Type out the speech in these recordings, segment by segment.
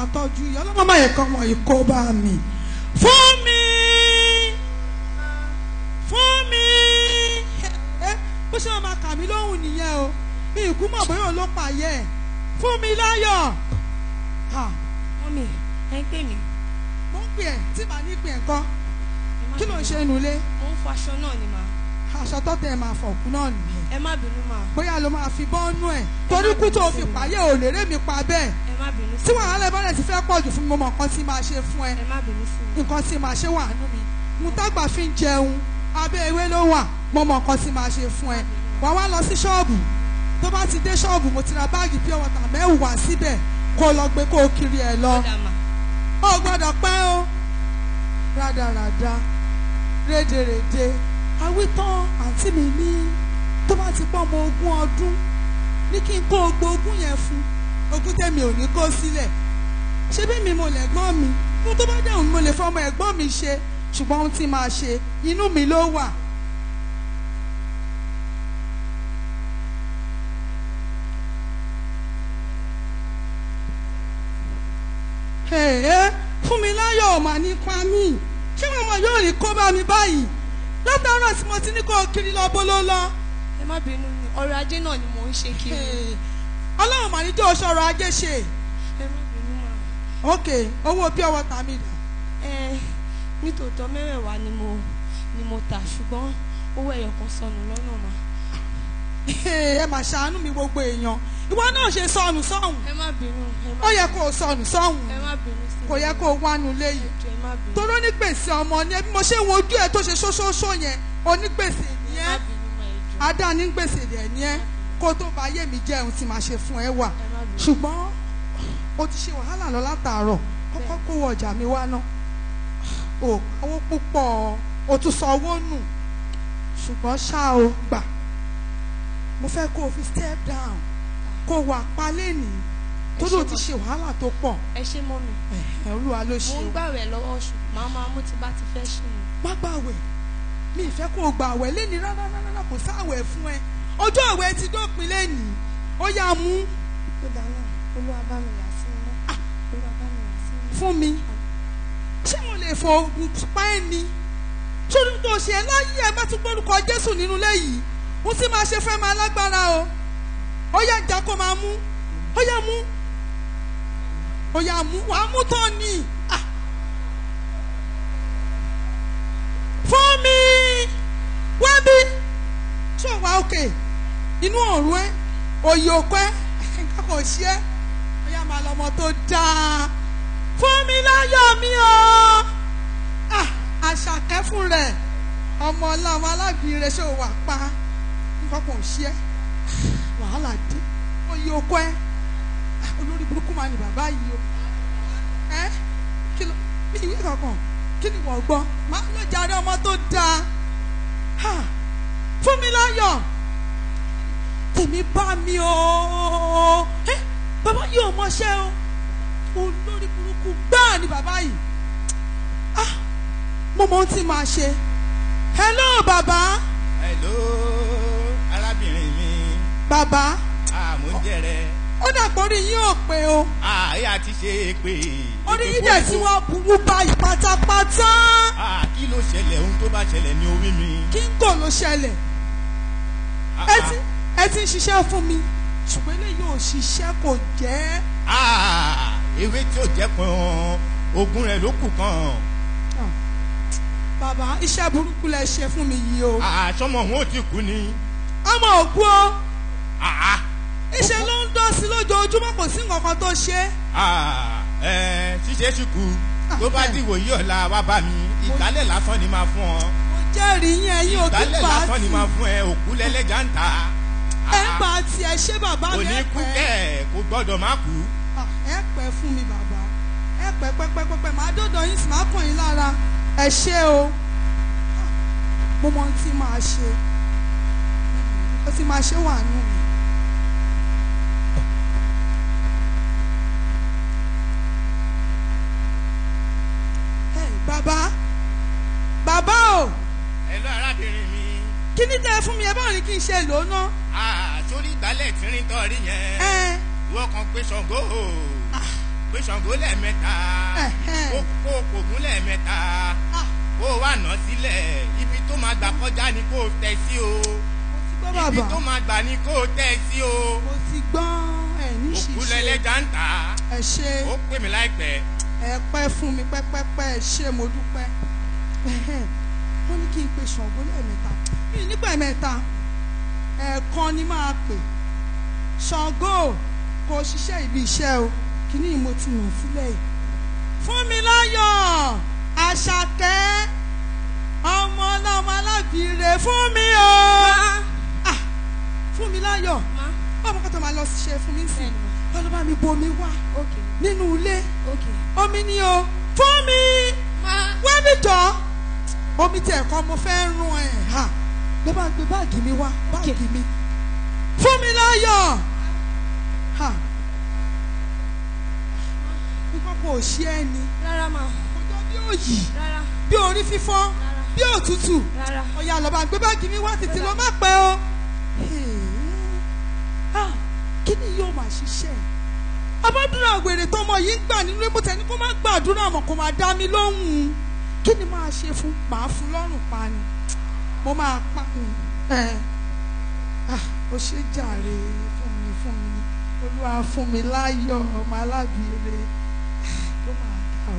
máa tọ́jú yìí ọlọ́mọ máa yẹ kọ́ wọn ìkó bá mi fún mi fún mi bó ṣe máa kà mí lóhùn nìyẹn o mi ìkú mọ̀ bóyá ló pààyẹ fún mi láyọ̀ mọ́mì ẹ ń pè mí. mo ń pè ẹ tí màá ní pè ẹ kọ́ kí ló ń ṣe nulẹ̀. mo ń fọ aṣọ náà ni màá aṣọ tó tẹ̀ máa fọ̀ náà nìyẹn. ẹ má bínú máa. bóyá ló máa fi bọ́ọ̀nù ẹ̀ torí kú tó fi pààyè ò mi pa bẹ́ẹ̀. ẹ má bínú sí. tí wàhálà ẹ bá ti fẹ́ pọ̀ jù fún mi mo mọ nǹkan tí màá ṣe fún ẹ. ẹ má bínú sí. nǹkan tí màá ṣe wà nú mi. mo tágbà fi ń jẹun abẹ́ ewé ló wà mo mọ nǹkan tí màá ṣe fún ẹ. wàá wá lọ sí ṣọ́ọ̀bù tó bá ti dé ṣọ́ọ̀bù mo ti ra báàgì pure water rédèrèdè awítán àǹtí mi ní tó bá ti pọ́n mọ ogún ọdún ní kí n kó ogbo ogún yẹn fún ogún tẹ̀mí ò ní kó sílẹ̀ ṣé bí mi mo lè gbọ́n mi mo tó bá dáhùn mo lè fọmọ ẹ̀gbọ́n mi ṣe ṣùgbọ́n ohun tí màá ṣe inú mi ló wà. Eh, fún mi láyọ̀ ọ̀mà nípa mi ṣé wọn mọ yóò rí kó bá mi báyìí látara tí mo ti ní kó kiri lọ bó ló lọ. ẹ má bínú ni ọrọ̀ ajé náà ni mò ń ṣe kiri. ọlọ́run màá ní jẹ́ oṣù ọrọ̀ ajé ṣe. ẹ má bínú ma. ok owó pure water mi dà. ẹ nítòótọ́ mẹ́wẹ̀ẹ̀wá ni mo ni mo tà ṣùgbọ́n owó ẹ̀yọ̀ kan sọnù lọ́nà ma. ẹ mà ṣàánú mi gbogbo èèyàn ìwọ náà ṣe sọnù sọ́hùn. ẹ má bínú. ó yẹ kó o sọnù sọ́hùn. ẹ má bínú kò yẹ kó o wá nulẹ̀ yìí ọmọ ni ẹbí mo ṣe wo ojú ẹ tó ṣe ṣóṣóṣó yẹn onígbèsè ni ẹ adánigbèsè rẹ ni ẹ kó tó bá yé mi jẹ́ ohun tí màá ṣe fún ẹ wà ṣùgbọ́n o ti ṣe wàhálà lọ látàárọ̀ kọ́kọ́ kó wọ ọjà mi wá náà o owó púpọ̀ o tún sọ owó nù ṣùgbọ́n ṣá o gbà mo fẹ́ kó o fi step down kó o wà pa lẹ́nìí tó ló ti ṣe wàhálà tó pọ̀. ẹ ṣe mọ mi. ẹ olúwa ló ṣe o. mo ń gbàwẹ̀ lọ́wọ́ oṣù màá máa mú ti bá ti fẹ́ ṣe mi. má gbàwẹ̀ mi ìfẹ́ kó o gbàwẹ̀ lẹ́ni rárá rárá kò sáwẹ̀ fún ẹ ọjọ́ àwẹ̀ ti dópin lẹ́ni ó yá mú. ìgbà náà olúwa bá yà sí iná. Ah. olúwa bá yà sí iná. fún mi ṣé mo lè fọ oògùn pa ẹ́ ni sórí tó ṣe ẹ láyé ẹ má tún gbórúkọ Jésù nínú léyìí mo sì máa ṣe fẹ́ máa lágbára o ó yá ìjà máa mú ó yá mú. Oya mu wa wàá mú tán ni. Ah. fún mi wá bí ṣé wàá òkè inú ọ̀run ẹ òye òkú ẹ kò ṣí ẹ ó yà máa tó dáa fún mi láyọ̀ mi o ah, àṣàkẹ́ fún rẹ̀ ọmọ ọlọ́mọ alábìrin rẹ̀ ṣé o wà pa nípa kò ṣí ẹ wàhálà dé òye òkú olórí burúkú máa ní bàbá yìí o ẹ kí ló mi ìwé kankan kí ni wọ́n gbọ́ máa lọ jàre ọmọ tó dáa fún mi láyọ̀ tèmi bá mi o ẹ bàbá yìí ò mọṣẹ́ o olórí burúkú gbáà ni bàbá yìí ah mo mọ ohun tí ṣe hello bàbá. hello arábìnrin mi. Ah, àmújẹrẹ ó dàpọ̀ orí yín ò pé o. ààyè àti ṣe é pé. orí yín dẹ̀ tí wọ́n buwú ba ìpátápátá. kí ló ṣẹlẹ̀ ohun tó bá ṣẹlẹ̀ ní orí mi. kí n kò ló ṣẹlẹ̀. ẹ ti ń ṣiṣẹ́ fún mi ṣùgbọ́n eléyìí ò ṣiṣẹ́ kò jẹ́. ewé tí ò jẹ́ ogun rẹ̀ ló kù kan. bàbá iṣẹ́ burúkú lẹ ṣe fún mi yìí o. àṣọmọ òun ò ti kú ni. ọmọ òkú o níṣẹ́ ló ń dọ̀sí lójoojúmọ́ kò sí nǹkan kan tó ṣe. ṣíṣe ṣùkú tó bá dìwò yí ọ̀la wá bá mi ìgbálẹ̀ lásán ni máa fún ọ. mo jẹ́rìí yẹn yín òkú pàtì. ìgbálẹ̀ lásán ni máa fún ẹ òkú lẹ́lẹ́jà ń ta. ẹ ń pa tiẹ̀ ṣé bàbá mi ẹ pẹ́. kò ní kú kẹ́ ẹ̀ kò gbọ́dọ̀ má kú. ẹ pẹ́ fún mi bàbá ẹ pẹ́ pẹ́pẹ́pẹ́ máa dọ́dọ̀ yín sì máa kàn yín lára ẹ ṣé o mo mọ ohun tí màá ṣe ohun tí màá ṣe wà nù mí. kí ni tẹ́ fún mi ẹ báwo ni kí n ṣe lò ó ná. sórí ìgbálẹ̀ tọ́ rí yẹn wọ́n kan pé Ṣàngó pé Ṣàngó lẹ́ẹ̀mẹ́ta kó kògún lẹ́ẹ̀mẹ́ta kó wà ná sílẹ̀ ibi tó máa gbà kọjá ni kó tẹ̀ sí o ibi tó máa gbà ni kó tẹ̀ sí o. mo ti gbọ́n ẹ̀ ní ṣíṣe òkú lẹ́lẹ́jà ń tà ó pè mí láìpẹ́. ẹ pẹ́ fún mi pẹ́pẹ́pẹ́ ṣé mo dúpẹ́ wọ́n ní kí n pe Ṣàngó lẹ́ẹ̀mẹ́ta mi nígbà mẹ́ta ẹ̀ẹ̀kan ni máa pè Ṣàngó kò ṣiṣẹ́ ibi iṣẹ́ o kíní ìmọ̀túnmọ̀ sílẹ̀ yìí fún mi láyọ̀ àṣàkẹ́ ọmọ ọlọ́mọ alábìire fún mi o ah, fún mi láyọ̀ ọmọ kọ́tà máa lọ ṣe fún mi sí ọlọ́ba mi bomi wá nínú ilé omi ni o fún mi wẹ́bìtọ́ omi tí ẹ̀kọ́ mo fẹ́ rún ẹ̀ ha ló bá gbé báàgì mi wá báàgì mi fún mi láyọ̀ ha nípa kò ṣe é ni rárá mà kò jọ bí òyì bí orí fífọ́ bí òtútù ọ̀yà lọ́ba gbé báàgì mi wá tètè lọ má pẹ́ o kí ni yóò máa ṣiṣẹ́ abádúrà wèrè tọmọ yìí ń gbà nínú ibùtẹ́ ni kó má gbàdúrà mọ̀ kó má dá mi lóhùn kí ni máa ṣe fún màá fún lọ́rùn pa ni mo máa pa ẹ ó ṣe jàre fún mi fún mi olúwa fún mi láyọ̀ ọmọ alábìire ló máa dà o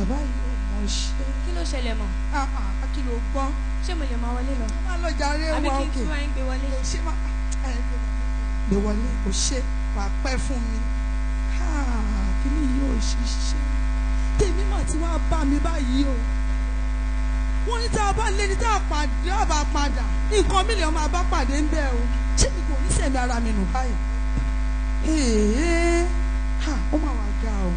bàbá yìí ò mọ ṣe. kí ló ṣẹlẹ̀ mọ́. kí ló gbọ́. ṣé mo lè máa wọlé lọ. má lọ jàre wa òkè àbí kí n tún wá ń gbé wọlé. ṣé má gbé wọlé kò ṣe wà pẹ́ fún mi kí ni yóò ṣiṣẹ́ tèmi mà ti wá bá mi báyìí o wọ́n ní tá a bá lé ní tá a pàdé ọba padà nǹkan mílíọ̀nù máa bá pàdé ń bẹ́ẹ̀ o ṣé mi kò ní sẹ̀mí ara mi nù báyìí. ó mà wá ga o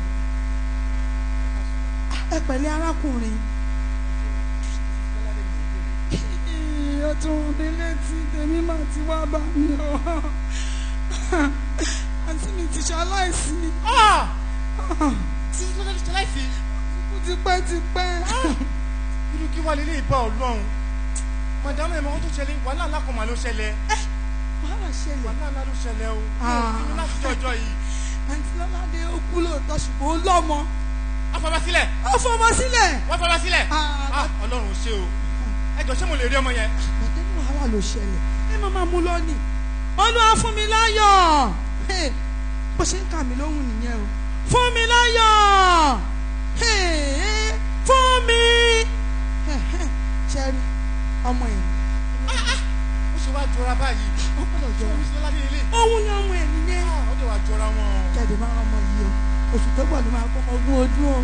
ẹ pẹ̀lẹ́ arákùnrin. ọtún délé tí tèmi máa ti wá bá mi o àǹtí mi ti ṣaláìsí. Ah! Ah! ti ṣaláìsí. ó ah! irú kí wà lélẹ́ ìbá ọlọ́run màdàmú ẹ̀mọ́ tó ṣẹlẹ̀ wàhálà ńlá kan mà ló ṣẹlẹ̀ wàhálà ṣẹlẹ̀ wàhálà ńlá ló ṣẹlẹ̀ o ìsinmi láti jọjọ yìí. àǹtí lọ́ládé ó kú lóòótọ́ ṣùgbọ́n ó lọ́mọ. afọmọsílẹ̀. afọmọsílẹ̀. wọ́n fọmọsílẹ̀. ọlọ́run ṣe o ẹ jọ ṣé mo lè rí ọmọ yẹn. àgbẹ̀dẹ́ ní wàhálà ló ṣẹlẹ̀ ẹ má máa mú lọ́nìí olúwa fún mi láyọ̀ bó ṣe ń kà mí lóhùn nìyẹn o. lára báyìí ó gbọ́dọ̀ jọ òun sí ládé ilé. òun ni ọmọ ẹ̀ nìyẹn. Ah, ó dẹ̀ wá jọra wọn. jáde máa ọmọ yìí o oṣù tó bọ̀ máa kọ́ ọdún ọdún o.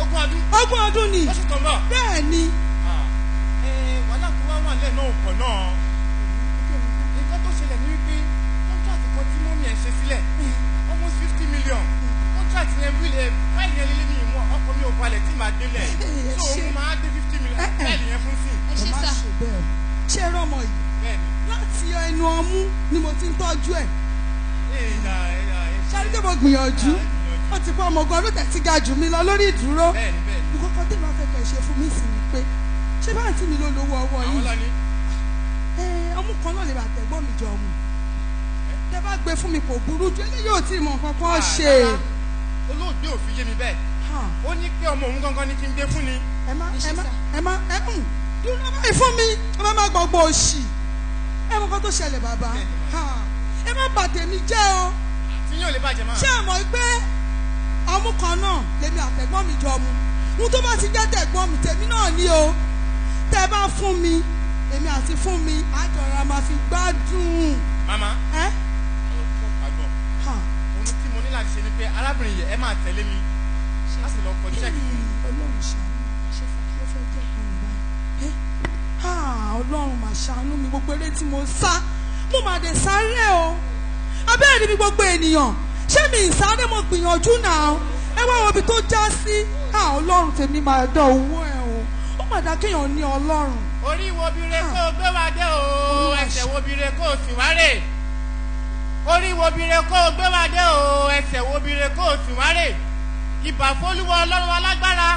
ogún ọdún. ogún ọdún ni. oṣù tó ń bọ̀. bẹ́ẹ̀ ni. Ah, wàhálà tó wá wà lẹ́ẹ̀ náà náà. nǹkan tó ṣẹlẹ̀ ní wípé kọ́ńtàtì kan tí mọ́mí ẹ̀ ṣe sílẹ̀ almost fifty million kọ́ńtàtì yẹn wílẹ̀ báyìí eh, yẹn lé ní ìmọ̀ ọkọ̀ mi ò balẹ̀ tí màá délẹ̀ tó o máa dé fifty million bẹ́ẹ̀ eh, ni eh. yẹn fún sí. ẹ ṣe sá ṣe rọmọ yìí láti ẹnu ọmú ni mo ti ń tọ́jú ẹ̀ ṣáà ní mo gbìyànjú ó ti pọ́ ọmọ gan-an ló ti ga jù mí lọ lórí ìdúró ìkọ́kọ́ tèmi afẹ́kẹ́ ṣe fún mi sì ni pé ṣé báyìí tí mi ló lówó ọwọ́ yìí ọmú kan náà lè bá tẹ̀gbọ́n mi jọ ọmú tẹ bá gbé fún mi kò burú ju eléyìí ò tí mọ nǹkan ṣe. Ah, olóògbé ò fi yé mi bẹ́ẹ̀ ó ní pé ọmọ òun gangan ni kí n gbé fún ni. ẹ má ẹ má ẹ hmm. má ẹ dúró báyìí fún mi ọmọ má gbọgbọ òṣì ẹ mọ̀ kan tó ṣẹlẹ̀ bàbá ẹ má bà tèmi jẹ́ o ṣé ẹ mọ̀ pé ọmú kan náà lèmi àtẹ̀gbọ́n mi jọ mu ohun tó bá ti jẹ́ tẹ̀gbọ́n mi tèmi náà ni o tẹ́ bá fún mi èmi àti fún mi àjọra máa fi gbádùn. mama ẹ ohun tí mo ní láti ṣe ni pé arábìnrin yẹn ẹ máa tẹ̀lé mi láti lọ kọ check. ọlọ́run ṣe. Ah, ọlọ́run mà ṣàánú mi gbogbo eré tí mo sá mo mà dé sáré o abẹ́rẹ́ mi gbogbo ènìyàn ṣé mi ìsáré mo gbìyànjú náà ẹ wá wo ibi tó já sí ah, ọlọ́run tèmi máa dán owó ẹ̀ o ó mà dá kéèyàn ní ọlọ́run. orí wo bire kó ah. o gbé wa dé o ẹsẹ̀ wo bire kó o sì wárè orí wo bire kó o gbé wa dé o ẹsẹ̀ wo bire kó o sì wárè ìbà fólúwọ ọlọ́run alágbára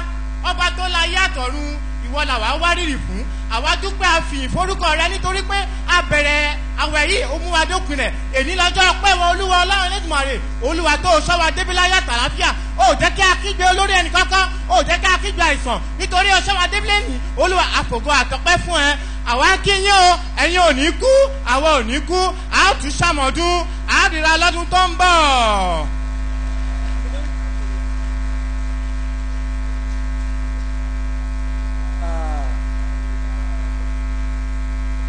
ọba tó la yé àtọ̀run ìwọ làwa wárìrì fún àwa dúpẹ́ àfihàn forúkọ rẹ nítorí pé a bẹ̀rẹ̀ àwẹ̀ yìí òmùwàdókun rẹ̀ èyí lọ́jọ́ ọpẹ́ wọn olúwa ọlọ́run lẹ́dùnmọ̀rẹ́ olúwa tó sọ wa débílá yàtọ̀ àlàáfíà jẹ́ kí a kígbe olórí ẹnì kankan ó jẹ́ kí a kígbe àìsàn nítorí ọṣẹ́ wa débílẹ̀ ní olúwa àfògo àtọ́pẹ́ fún ẹ àwa kí yín o ẹ̀yin ò ní kú àwa ò ní kú a ó tún ṣàmọ̀dún àádìrà lọ́dún tó ń bọ̀.